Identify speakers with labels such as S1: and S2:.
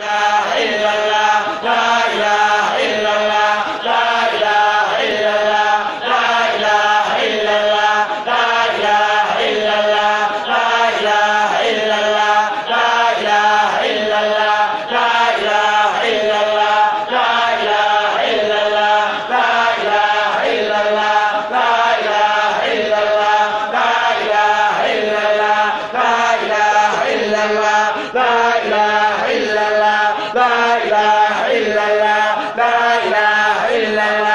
S1: la la la